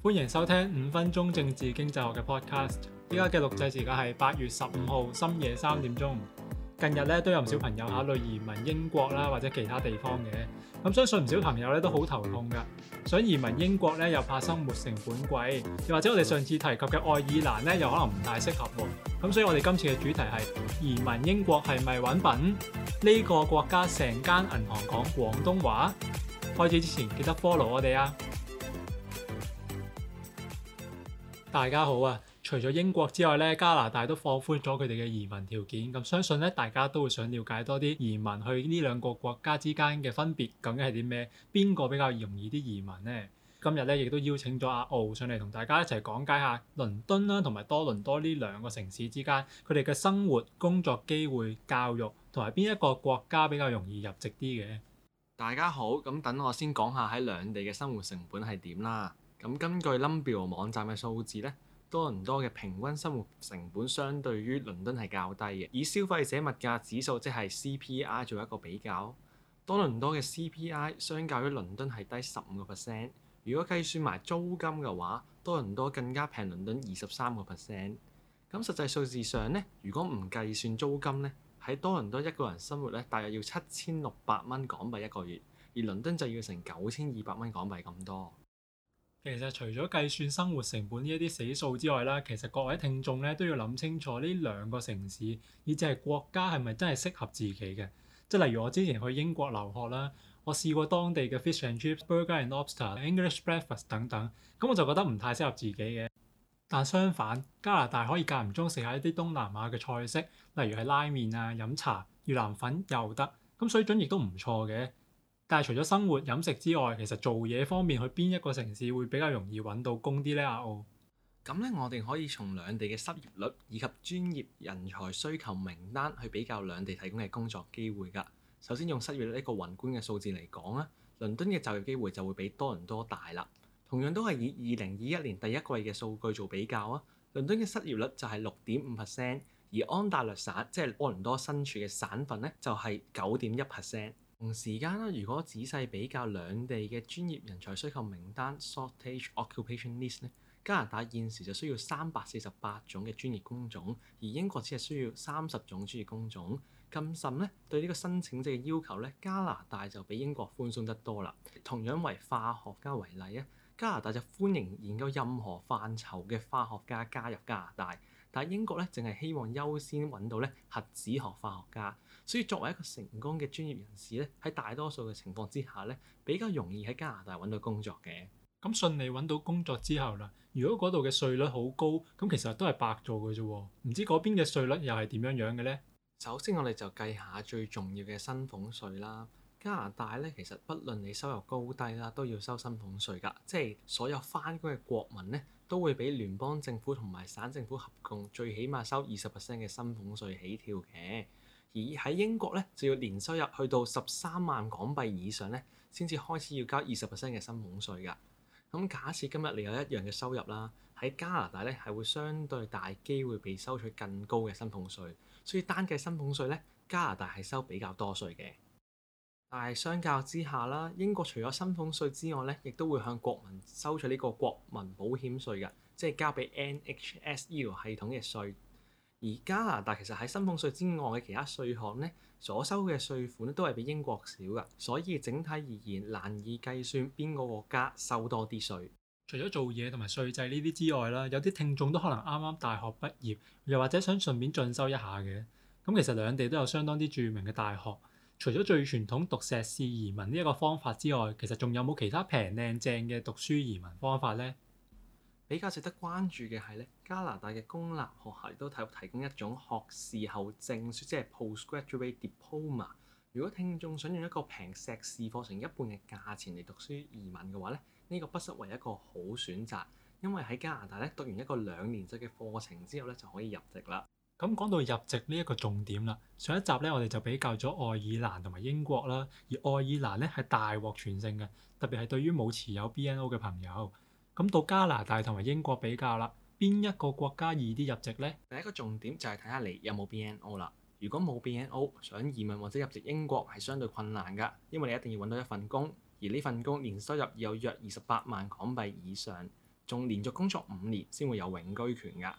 歡迎收聽五分鐘政治經濟學嘅 podcast。依家嘅錄製時間係八月十五號深夜三點鐘。近日咧都有唔少朋友考、啊、慮移民英國啦，或者其他地方嘅，咁相信唔少朋友咧都好頭痛噶。想移民英國咧又怕生活成本貴，又或者我哋上次提及嘅愛爾蘭咧又可能唔太適合。咁所以我哋今次嘅主題係移民英國係咪搵笨？呢、這個國家成間銀行講廣東話。開始之前記得 follow 我哋啊！大家好啊！除咗英國之外咧，加拿大都放寬咗佢哋嘅移民條件。咁相信咧，大家都會想了解多啲移民去呢兩個國家之間嘅分別，究竟係啲咩？邊個比較容易啲移民呢？今日咧亦都邀請咗阿敖上嚟同大家一齊講解下倫敦啦，同埋多倫多呢兩個城市之間佢哋嘅生活、工作機會、教育同埋邊一個國家比較容易入籍啲嘅。大家好，咁等我先講下喺兩地嘅生活成本係點啦。咁根據 Numbeo 網站嘅數字咧，多倫多嘅平均生活成本相對於倫敦係較低嘅。以消費者物價指數即係 CPI 做一個比較，多倫多嘅 CPI 相較於倫敦係低十五個 percent。如果計算埋租金嘅話，多倫多更加平倫敦二十三個 percent。咁實際數字上咧，如果唔計算租金咧，喺多倫多一個人生活咧大約要七千六百蚊港幣一個月，而倫敦就要成九千二百蚊港幣咁多。其實除咗計算生活成本呢一啲死數之外啦，其實各位聽眾咧都要諗清楚呢兩個城市以至係國家係咪真係適合自己嘅。即係例如我之前去英國留學啦，我試過當地嘅 fish and chips、burger and lobster、English breakfast 等等，咁我就覺得唔太適合自己嘅。但相反，加拿大可以間唔中食下一啲東南亞嘅菜式，例如係拉麵啊、飲茶、越南粉又得，咁水準亦都唔錯嘅。但係除咗生活飲食之外，其實做嘢方面，去邊一個城市會比較容易揾到工啲呢？亞澳咁咧，我哋可以從兩地嘅失業率以及專業人才需求名單去比較兩地提供嘅工作機會㗎。首先用失業率呢個宏觀嘅數字嚟講啊，倫敦嘅就業機會就會比多倫多大啦。同樣都係以二零二一年第一季嘅數據做比較啊，倫敦嘅失業率就係六點五 percent，而安大略省即係多倫多身處嘅省份咧，就係九點一 percent。同時間啦，如果仔細比較兩地嘅專業人才需求名單 （shortage occupation list） 咧，加拿大現時就需要三百四十八種嘅專業工種，而英國只係需要三十種專業工種。更甚咧，對呢個申請者嘅要求咧，加拿大就比英國寬鬆得多啦。同樣為化學家為例啊，加拿大就歡迎研究任何範疇嘅化學家加入加拿大。但英國咧，淨係希望優先揾到咧核子學化學家，所以作為一個成功嘅專業人士咧，喺大多數嘅情況之下咧，比較容易喺加拿大揾到工作嘅。咁順利揾到工作之後啦，如果嗰度嘅稅率好高，咁其實都係白做嘅啫。唔知嗰邊嘅稅率又係點樣樣嘅咧？首先我哋就計下最重要嘅薪俸稅啦。加拿大咧，其實不論你收入高低啦，都要收薪俸稅㗎。即係所有返工嘅國民咧，都會俾聯邦政府同埋省政府合共最起碼收二十 percent 嘅薪俸稅起跳嘅。而喺英國咧，就要年收入去到十三萬港幣以上咧，先至開始要交二十 percent 嘅薪俸稅㗎。咁假設今日你有一樣嘅收入啦，喺加拿大咧係會相對大機會被收取更高嘅薪俸稅，所以單計薪俸稅咧，加拿大係收比較多稅嘅。但係相較之下啦，英國除咗薪俸稅之外咧，亦都會向國民收取呢個國民保險稅噶，即係交俾 NHS 醫療系統嘅稅。而加拿大其實喺薪俸稅之外嘅其他稅項咧，所收嘅稅款咧都係比英國少噶，所以整體而言難以計算邊個國家收多啲稅。除咗做嘢同埋稅制呢啲之外啦，有啲聽眾都可能啱啱大學畢業，又或者想順便進修一下嘅。咁其實兩地都有相當啲著名嘅大學。除咗最傳統讀碩士移民呢一個方法之外，其實仲有冇其他平靚正嘅讀書移民方法呢？比較值得關注嘅係咧，加拿大嘅公立學校都提提供一種學士後證書，即係 postgraduate diploma。如果聽眾想用一個平碩士課程一半嘅價錢嚟讀書移民嘅話咧，呢個不失為一個好選擇，因為喺加拿大咧讀完一個兩年制嘅課程之後咧就可以入籍啦。咁講到入籍呢一個重點啦，上一集咧我哋就比較咗愛爾蘭同埋英國啦，而愛爾蘭咧係大獲全勝嘅，特別係對於冇持有 BNO 嘅朋友。咁到加拿大同埋英國比較啦，邊一個國家易啲入籍呢？第一個重點就係睇下你有冇 BNO 啦。如果冇 BNO，想移民或者入籍英國係相對困難㗎，因為你一定要揾到一份工，而呢份工年收入有約二十八萬港幣以上，仲連續工作五年先會有永居權噶。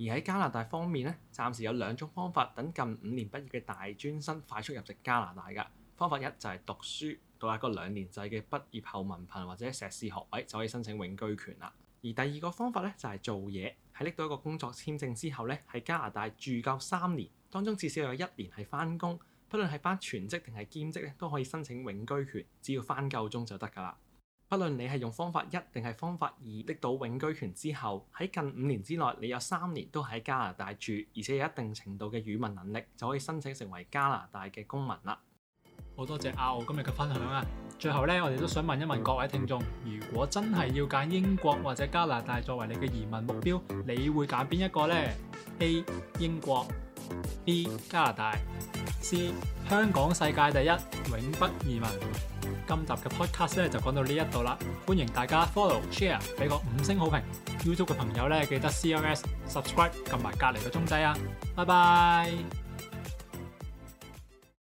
而喺加拿大方面咧，暫時有兩種方法等近五年畢業嘅大專生快速入籍加拿大嘅方法一就係讀書，到一個兩年制嘅畢業後文憑或者碩士學位就可以申請永居權啦。而第二個方法咧就係做嘢，喺拎到一個工作簽證之後咧，喺加拿大住夠三年，當中至少有一年係返工，不論係返全職定係兼職咧，都可以申請永居權，只要返夠鐘就得㗎啦。不論你係用方法一定係方法二，拎到永居權之後，喺近五年之內，你有三年都喺加拿大住，而且有一定程度嘅語文能力，就可以申請成為加拿大嘅公民啦。好多謝阿浩今日嘅分享啊！最後咧，我哋都想問一問各位聽眾，如果真係要揀英國或者加拿大作為你嘅移民目標，你會揀邊一個呢？A、英國。B 加拿大，C 香港，世界第一，永不移民。今集嘅 podcast 咧，就講到呢一度啦。歡迎大家 follow share，俾個五星好評。YouTube 嘅朋友咧，記得 CLS subscribe 撳埋隔籬嘅鐘仔啊！拜拜。